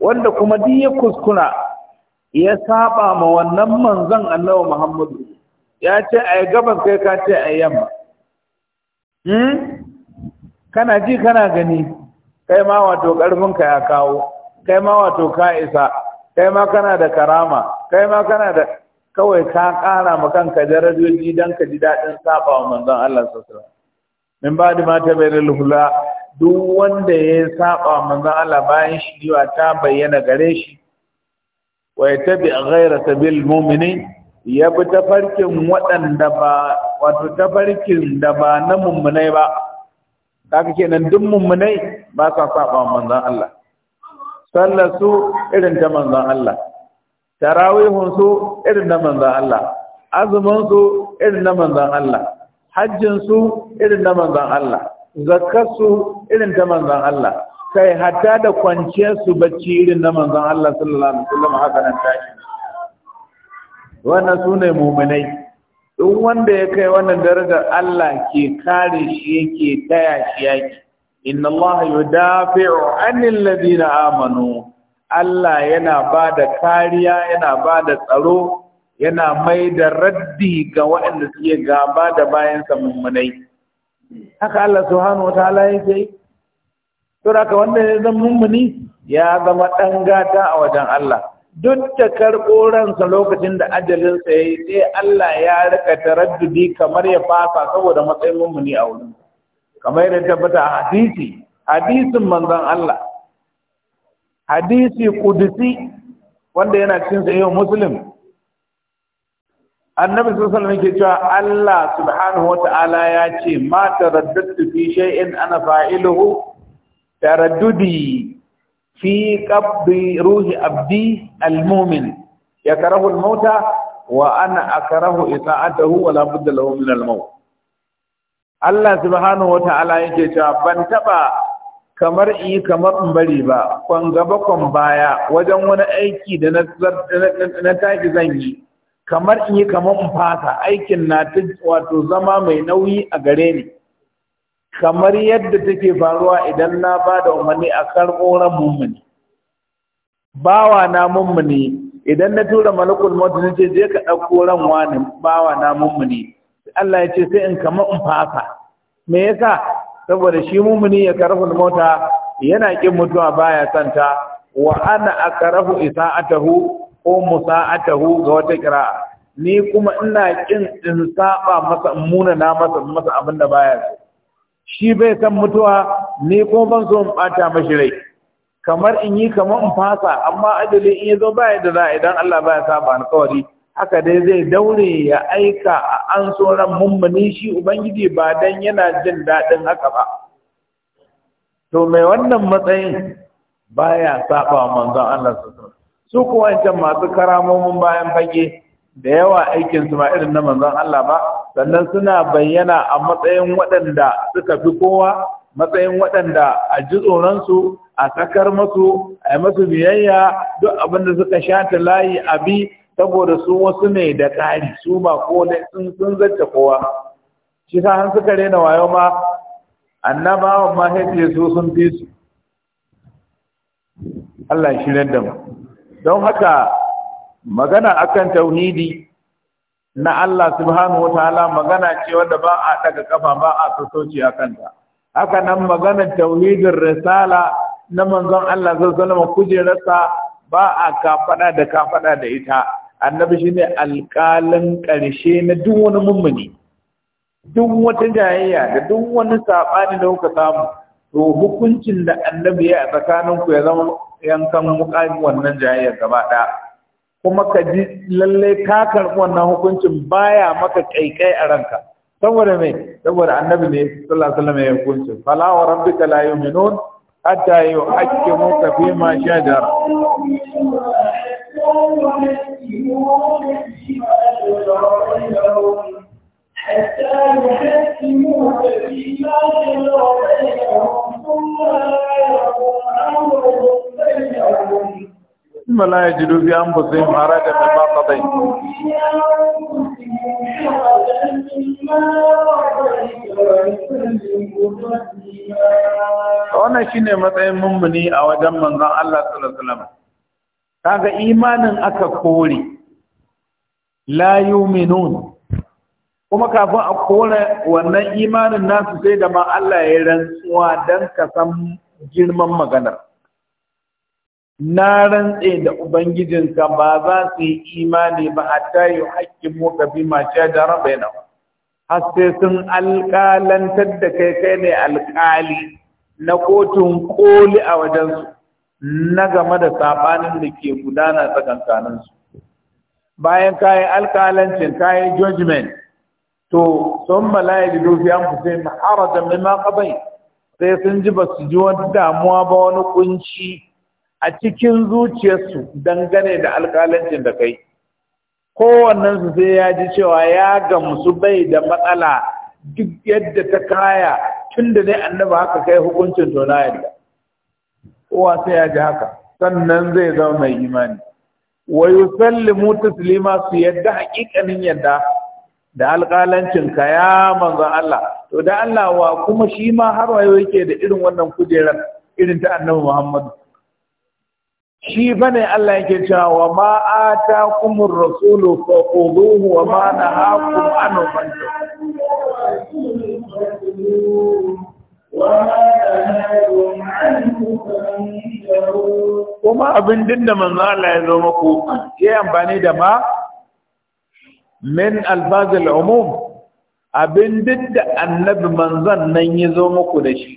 wanda kuma duk ya kuskura ya saba ma wannan manzon Allah Muhammadu ya ce ai gaban kai ka ce ai yamma hmm kana ji kana gani kai ma wato karfin ka ya kawo kai ma wato ka isa kai ma kana da karama kai ma kana da kawai ka kara ma kanka darajoji dan ka ji dadin saba wa manzon Allah sallallahu alaihi wasallam min ba da mata bayan hula duk wanda ya saɓa manzan Allah bayan shiriwa ta bayyana gare shi wa a gaira sabil mu'minin ya bi tafarkin waɗanda ba wato tafarkin da ba na mummunai ba kaga kenan duk mummunai ba sa saba manzan Allah sallar su irin ta manzan Allah tarawihun su irin na manzan Allah azumin su irin na manzan Allah hajjinsu irin na manzan Allah su irin ta manzan Allah kai hatta da kwanciyarsu bacci irin na manzan Allah sallallahu alaihi wasallam haka nan tashi wannan sune mu'minai duk wanda ya kai wannan darajar Allah ke kare shi yake taya shi yake inna Allah yudafi'u anil ladina amanu Allah yana ba da kariya yana ba da tsaro yana mai da raddi ga waɗanda suke gaba da bayansa mummunai haka Allah subhanahu wa ta'ala yake to haka wanda ya zama mummuni ya zama ɗan gata a wajen Allah duk da karɓo ransa lokacin da ajalinsa ya yi sai Allah ya rika taraddudi kamar ya fasa saboda matsayin mummuni a wurin kamar yadda tabbata a hadisi hadisin manzon Allah hadisi ƙudisi, wanda yana cikin sahihu muslim annabi sallallahu alaihi wasallam cewa Allah subhanahu wata'ala ya ce ma taraddadtu fi shay'in ana fa'iluhu taraddudi fi qabdi ruhi abdi almu'min yakrahu almauta wa ana akrahu ita'atahu wa la budda lahu min almaut Allah subhanahu wata'ala yake cewa ban taba kamar yi kamar in bari ba kwan gaba kwan baya wajen wani aiki da na taki zan yi kamar in yi kamar in fasa aikin na ta wato zama mai nauyi a gare ni kamar yadda take faruwa idan na ba da umarni a karɓo ran mummuni bawa na mummuni idan na tura malakul maut na ce je ka ɗauko ran wani bawa na mummuni Allah ya ce sai in kamar in fasa me yasa saboda shi mummuni ya karfin mota yana kin mutuwa baya santa wa ana akrahu isa'atahu ko musa'atahu ga wata kira ni kuma ina kin in saba masa muna na masa masa abin da baya so shi bai san mutuwa ni kuma ban so in bata mashi rai kamar in yi kamar in fasa amma adali in yazo baya da za idan Allah baya saba kawari. haka dai zai daure ya aika a an so ran mummuni shi ubangiji ba dan yana jin daɗin haka ba to mai wannan matsayin baya saba manzon Allah su kuwa wancan masu karamomin bayan fage da yawa aikin su ba irin na manzon Allah ba sannan suna bayyana a matsayin waɗanda suka fi kowa matsayin waɗanda a ji tsoronsu a sakar masu a yi masu biyayya duk abin da suka shata layi a bi saboda su wasu ne da ƙari su ba ko sun sun zace kowa shi sa har suka rena wayo ma ma sun fi su Allah shi da mu don haka magana akan tauhidi na Allah subhanahu wataala magana ce wanda ba a daga kafa ba a a kanta haka nan maganar tauhidin risala na manzon Allah sallallahu alaihi kujerarsa ba a kafada da kafada da ita annabi shine alƙalin ƙarshe na duk wani mummuni duk wata jayayya da duk wani sabani da kuka samu to hukuncin da annabi ya tsakanin ku ya zama Yan kan muƙamin wannan jayayyar gaba ɗaya kuma ka ji lalle ka karɓi wannan hukuncin baya maka kaikai a ranka saboda me saboda annabi ne sallallahu alaihi wasallam ya hukuncin fala wa rabbika la yu'minun hatta yuhaqqimuka fi ma shajara حتى يحكموك فيما شجر بينهم ya ولا يجدوا في أنفسهم ba مما bai. wannan shine matsayin mummuni a wajen manzon Allah sallallahu alaihi wasallam kaga imanin aka kore la yu yu'minun kuma kafin a kore wannan imanin nasu sai da ma Allah ya rantsuwa don ka san girman maganar na rantse da ubangijinka ba za su yi imani ba hatta yi haƙƙin muka bi mace da raba na har sun alƙalantar da kai kai ne alƙali na kotun koli a wajensu na game da saɓanin da ke gudana tsakankaninsu bayan ka kayi alƙalancin yi judgment to sun balaye da dofi an fusayin harajan mimma qabai sai sun ji ba su ji wani damuwa ba wani kunci a cikin zuciyarsu dangane da alkalancin da kai kowannen sai ya ji cewa ya gamsu bai da matsala duk yadda ta kaya tun da ne annaba haka kai hukuncin to na yadda kowa sai ya ji haka sannan zai zama mai imani wa yusallimu taslima su yadda haƙiƙanin yadda da alƙalancin ka ya manzo Allah to da Allah wa kuma shi ma har wayo yake da irin wannan kujerar irin ta Annabi Muhammad shi bane Allah yake cewa wa ma atakumur rasulu faquduhu wa ma nahakum anhu fantahu kuma abin din da manzo Allah ya zo muku ke amfani da ma min albazil umum abin duk da annabi manzan nan ya zo muku da shi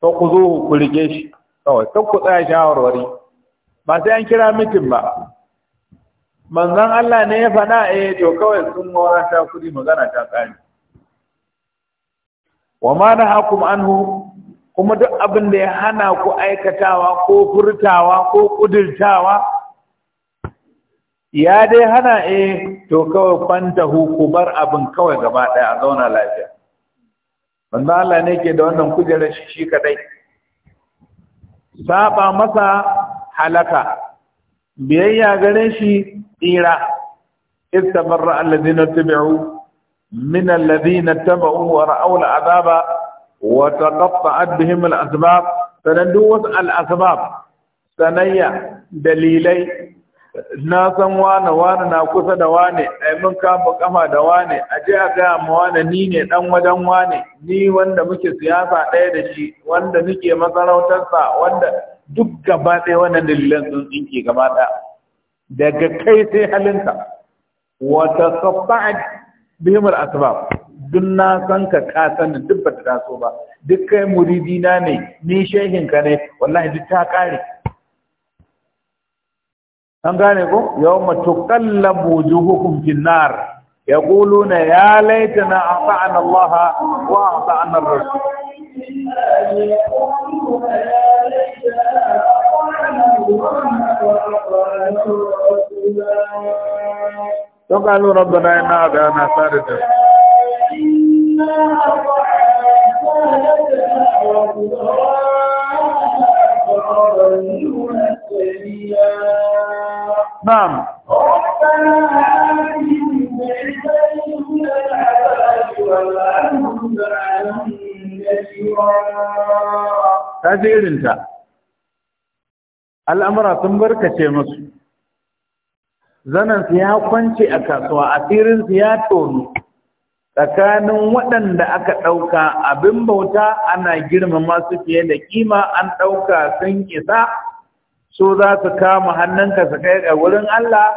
to ku zo ku rige shi kawai to ku tsaya shawarwari ba sai an kira mitin ba manzan Allah ne ya fada eh to kawai sun mora ta kudi magana ta tsari wa ma hakum anhu kuma duk abin da ya hana ku aikatawa ko furtawa ko kudirtawa ya dai hana e to kawai kwanta ku abin kawai gaba ɗaya a zauna lafiya wanda Allah ne ke da wannan kujerar shi shi kadai saba masa halaka biyayya gare shi tsira istabarra na tabi'u min na taba'u wa ra'aula al'azaba wa taqatta'at bihim al'asbab sanan duk wasu al'asbab sanayya dalilai na san wane wane na kusa da wane ai mun kama kafa da wane a je a gaya ma wane ni ne dan wajen wane ni wanda muke siyasa ɗaya da shi wanda nike masarautarsa wanda duk gaba ɗaya wannan dalilan sun tsinke gaba ɗaya daga kai sai halinka wata sabba'at bihimar asbab duk na san ka ka sanin duk ba ta taso ba duk kai muridina ne ni shehin ka ne wallahi duk ta kare an gane ko yawma tuqallabu wujuhukum fin nar yaquluna ya laitana ata'ana Allah wa ata'ana ar-rasul وقالوا ربنا إنا أبعنا سادتا وقالوا نعم tasirinta al'amura sun barkace musu Zanensu ya kwance a kasuwa asirinsu ya tonu tsakanin waɗanda aka ɗauka abin bauta ana girmama su fiye da kima an ɗauka sun isa su za su kama hannunka su kai ga wurin Allah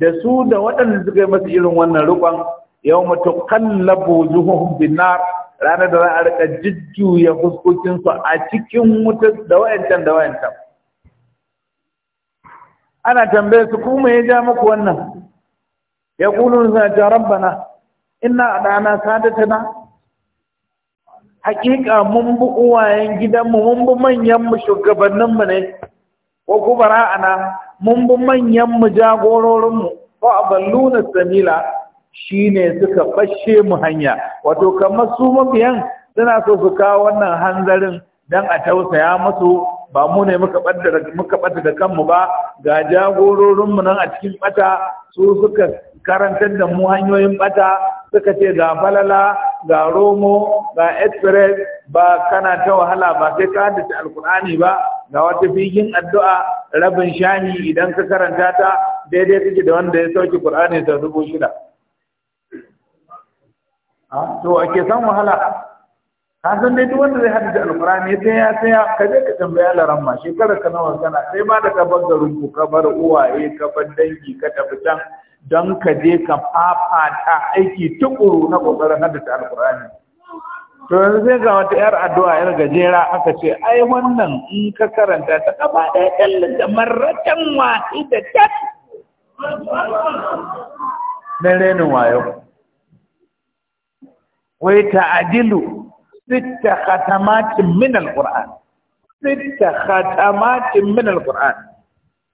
da su da waɗanda suka yi masa irin wannan rukon yau mutu kallabu zuhuhun binar ranar da za a rika jujjuya fuskokinsu a cikin mutu da wayancan da wayancan ana tambaye su kuma ya ja muku wannan ya kulun na jaran bana. ina a ɗana sadatana hakika mun bi uwayen gidanmu mun bi manyanmu shugabanninmu ne Ko wa a ana mun bi manyan mu jagororin mu fa aballuna samila shine suka fashe mu hanya wato kamar su mabiyan suna so su kawo wannan hanzarin dan a tausaya musu ba mu ne muka ɓata da kanmu ba ga jagororinmu mu nan a cikin bata su suka karantar da mu hanyoyin bata suka ce ga falala ga romo ga express ba kana ta wahala ba sai ka haddace alkur'ani ba ga wata fikin addu'a rabin shani idan ka karanta ta daidai kake da wanda ya sauki Qur'ani ta dubu shida a ah, to ake san wahala ka san dai duk wanda zai haddace alqur'ani sai ya saya? ka je ka tambaya laran shekarar ka nawa kana sai ba da ka bar garin ku ka bar uwaye ka bar dangi ka tafi can don ka je ka fafata aiki tukuru na kokarin haddace alqur'ani to yanzu zai ga wata yar addu'a yar gajera aka ce ai wannan in ka karanta ta gaba ɗaya ɗan da marratan wasi da tat na renin wayo wai ta'adilu sitta khatamatin min alquran sitta khatamatin min alquran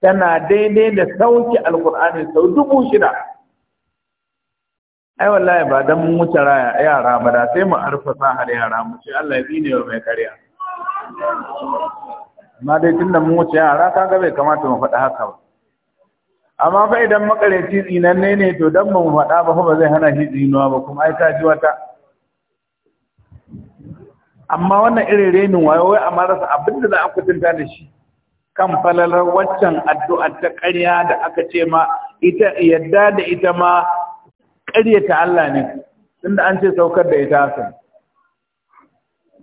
tana daidai da sauki alqur'ani sau dubu shida ai wallahi ba dan mun wuce yara ba da sai mu arfa har yara mu ce Allah ya ne mai karya amma dai tunda mun wuce yara ga bai kamata mu faɗa haka ba amma fa idan makareci tsinanne ne to dan mun faɗa ba ba zai hana shi tsinuwa ba kuma ai ta ji wata amma wannan irin renin wayo wai a marasa abin da za a kutunta da shi kan falalar waccan addu'ar ta ƙarya da aka ce ma ita yadda da ita ma ƙaryata Allah ne da an ce saukar da ita sun?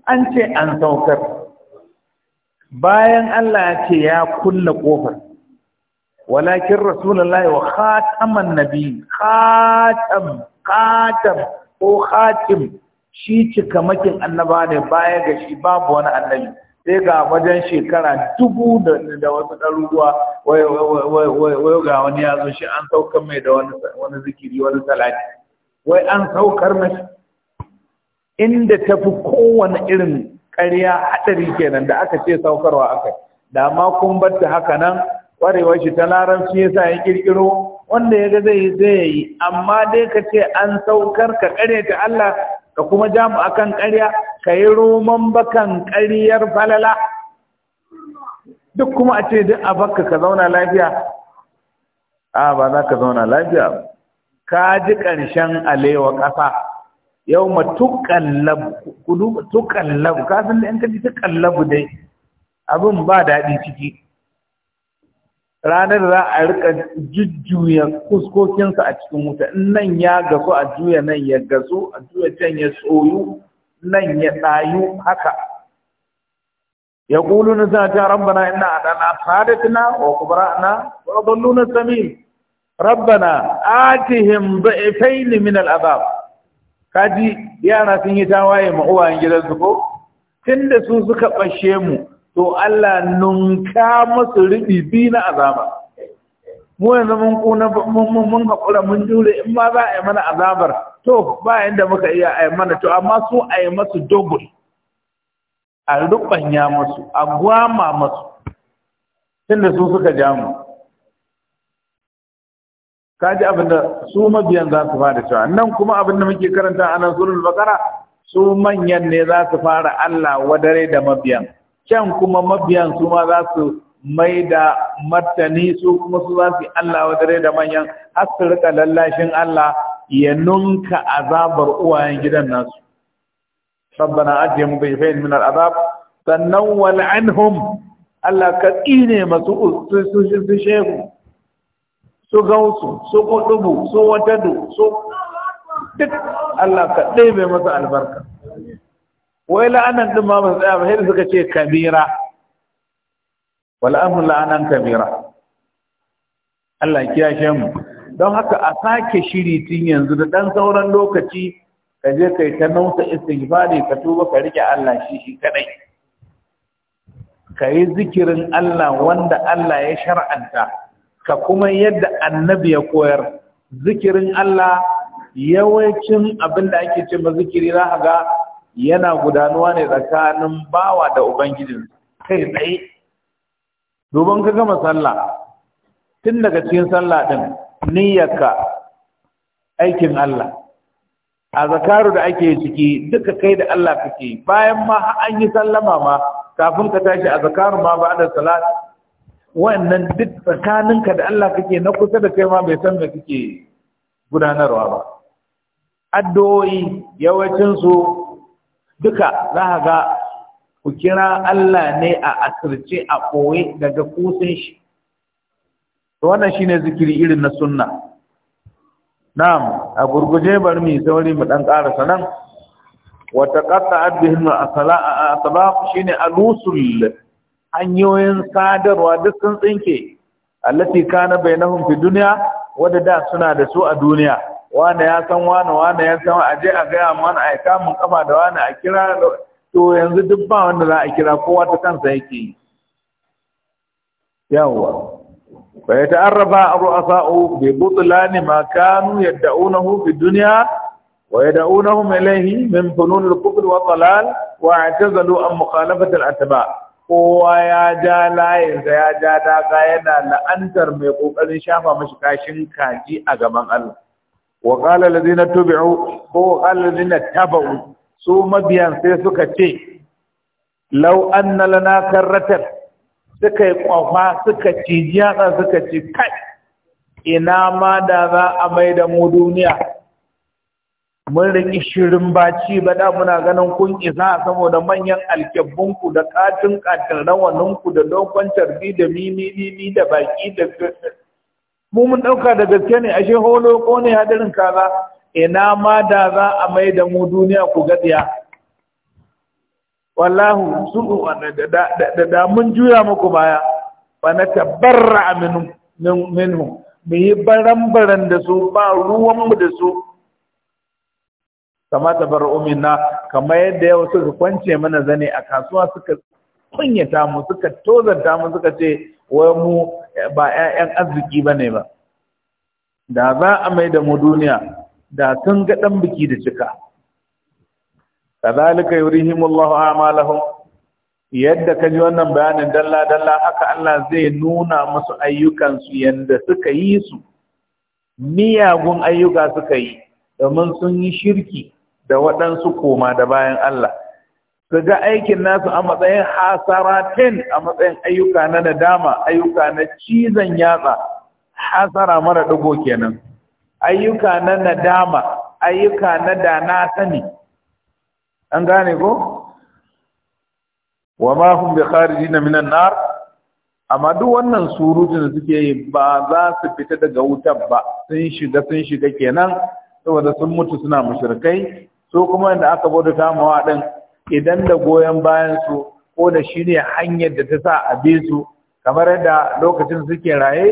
an ce an saukar bayan Allah ya ce ya kulle ƙofar. walakin rasulullahi wa khataman nabi khatam khatam ko khatim shi cika makin annaba ne baya ga shi babu wani annabi sai ga wajen shekara dubu da wasu ɗaruruwa wai ga wani ya zo shi an saukar mai da wani zikiri wani salati wai an saukar mashi inda ta fi kowane irin ƙarya haɗari kenan da aka ce saukarwa aka da ma kun bar ta haka nan ƙwarewar shi ta larabci ya sa ya ƙirƙiro wanda ya ga zai yi zai yi amma dai ka ce an saukar ka ƙare ta Allah ka kuma ja mu akan ƙarya ka yi roman bakan ƙaryar falala duk kuma a ce duk a baka ka zauna lafiya a ba za ka zauna lafiya ka ji ƙarshen alewa ƙasa yau ma tuƙallabu ka san da yanka ji labu dai abin ba daɗi ciki ranar za a rika jujjuya kuskokinsa a cikin wuta nan ya gasu a juya nan ya gasu a juya can ya tsoyu nan ya tsayu haka ya ƙulu na suna ta rabbana ina a ɗana fadatina wa kubra'ana wa ballu na sami rabbana atihim ba'ifaini min al'azab kaji yara sun yi tawaye ma uwayen gidansu ko tunda su suka bashe mu to Allah nunka musu ribi bi na azaba mu yanzu mun kuna mun hakura mun jure in ma za a yi mana azabar to ba yanda muka iya a yi mana to amma su a yi masu dogon, a rubanya masu a gwama masu tunda su suka ja mu kaji abinda su mabiyan za su fara cewa nan kuma abin da muke karanta a nan surul bakara su manyan ne za su fara Allah wadare da mabiyan can kuma mabiyan su ma za su mai da martani su kuma su za su Allah wa dare da manyan har su rika lallashin Allah ya nunka azabar uwayen gidan nasu rabbana bai dhayfayn min al'azab sannan wal anhum Allah ka tsine masu su su shehu su gausu su kudubu su watadu su duk Allah ka ɗebe masa albarka wai la'anan din ma ba tsaya ba sai suka ce kabira wal la'anan kabira Allah ya mu don haka a sake shiri tun yanzu da ɗan sauran lokaci ka je kai ta nausa istighfari ka tuba ka rike Allah shi shi kadai ka yi zikirin Allah wanda Allah ya shar'anta ka kuma yadda annabi ya koyar zikirin Allah yawancin abin da ake ce ma zikiri za ka ga yana gudanuwa ne tsakanin bawa da ubangijin kai tsaye domin ka gama sallah tun daga cikin sallah ɗin niyyarka aikin Allah a zakaru da ake ciki duka kai da Allah kake bayan ma an yi sallama ma kafin ka tashi a zakaru ma ba da salat wannan duk tsakaninka da Allah kake na kusa da kai ma bai san me kake gudanarwa ba addu'o'i yawancinsu duka za ka ga ku kira Allah ne a asirce a ɓoye daga kusin shi to wannan shine zikiri irin na sunna na'am a gurguje bari mu sauri mu ɗan ƙarasa nan wa taqatta'at bihim asbaq shine alusul hanyoyin sadarwa duk sun tsinke allati kana na fi duniya, wadda da suna da su a duniya wane ya san wane wane ya san aje a gaya mana a kamun kafa da wane a kira to yanzu duk ba wanda za a kira kowa ta kansa yake yi yawwa fa ya ta'arraba ru'asa'u bi Lani ma kanu yad'unahu fi dunya wa yad'unahum ilayhi min funun al-kufr wa dalal wa i'tazalu an mukhalafati al-atba' kowa ya ja layinsa ya ja daga yana la'antar mai ƙoƙarin shafa mashi kashin kaji a gaban Allah. wa qala alladhina tubi'u ko alladhina tabu su biyan sai suka ce law anna lana karratan suka yi kwafa suka ci jiya suka ci kai ina ma da za a mai da mu duniya mun riƙi shirin baci ba da muna ganin kun isa saboda manyan alkyabbunku da katin katin rawaninku da dogon tarbi da mimimi da baki da mu mun ɗauka da gaske ne ashe holo ko ne hadarin kaza ina ma da za a mai da mu duniya ku gadiya wallahu su da da mun juya muku baya fa na tabarra minhu mu yi baran da su ba ruwanmu da su kama tabar umina kamar yadda yau suka kwance mana zane a kasuwa suka kunyata mu suka tozanta mu suka ce wai mu ba 'ya'yan arziki ba ne ba da za a mai da mu duniya da sun ga ɗan biki da cika kazalika yurihimullahu a'malahum yadda ka ji wannan bayanin dalla dalla haka Allah zai nuna musu ayyukansu yadda suka yi su miyagun ayyuka suka yi domin sun yi shirki da waɗansu koma da bayan Allah Ka ga aikin nasu a matsayin hasaratin a matsayin ayyuka na nadama ayyuka na cizon yatsa hasara mara ɗigo kenan ayyuka na nadama ayyuka na da na sani an gane ko wa ma hum bi kharijina minan nar amma duk wannan surutun da suke yi ba za su fita daga wutar ba sun shiga sun shiga kenan saboda sun mutu suna mushrikai so kuma inda aka bauta mawa din idan da goyon bayan su ko da shine hanyar da ta sa a bi su kamar yadda lokacin suke raye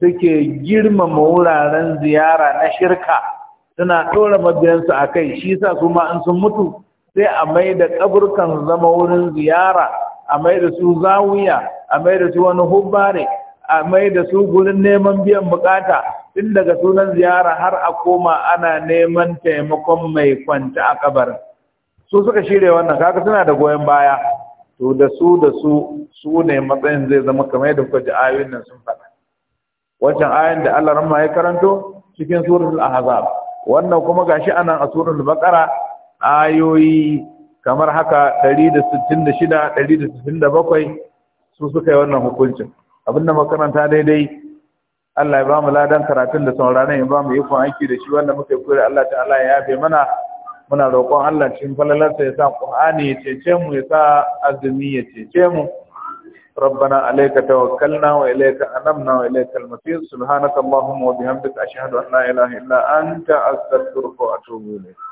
suke girmama wuraren ziyara na shirka suna ɗora mabiyansu a kai shi sa su ma an sun mutu sai a mai da ƙaburkan zama wurin ziyara a mai da su zawiya a mai da su wani hubbare a mai da su gurin neman biyan bukata tun daga sunan ziyara har a koma ana neman taimakon mai kwanta a kabarin su suka shirya wannan kaga suna da goyon baya to da su da su su ne matsayin zai zama kamar yadda kuka ji ayoyin nan sun faɗa wancan ayoyin da Allah ramma ya karanto cikin suratul ahzab wannan kuma gashi anan a suratul baqara ayoyi kamar haka 166 167 su suka yi wannan hukuncin abinda makaranta daidai Allah ya ba mu ladan karatun da sauraron ya ba mu ikon aiki da shi wannan muka yi kure Allah ta'ala ya yafe mana muna roƙon Allah cikin falalarsa ya sa Qur'ani ya cece mu ya sa azumi ya cece mu ربنا عليك توكلنا وإليك أنبنا وإليك المصير سبحانك اللهم وبحمدك أشهد أن لا إله إلا أنت أستغفرك وأتوب إليك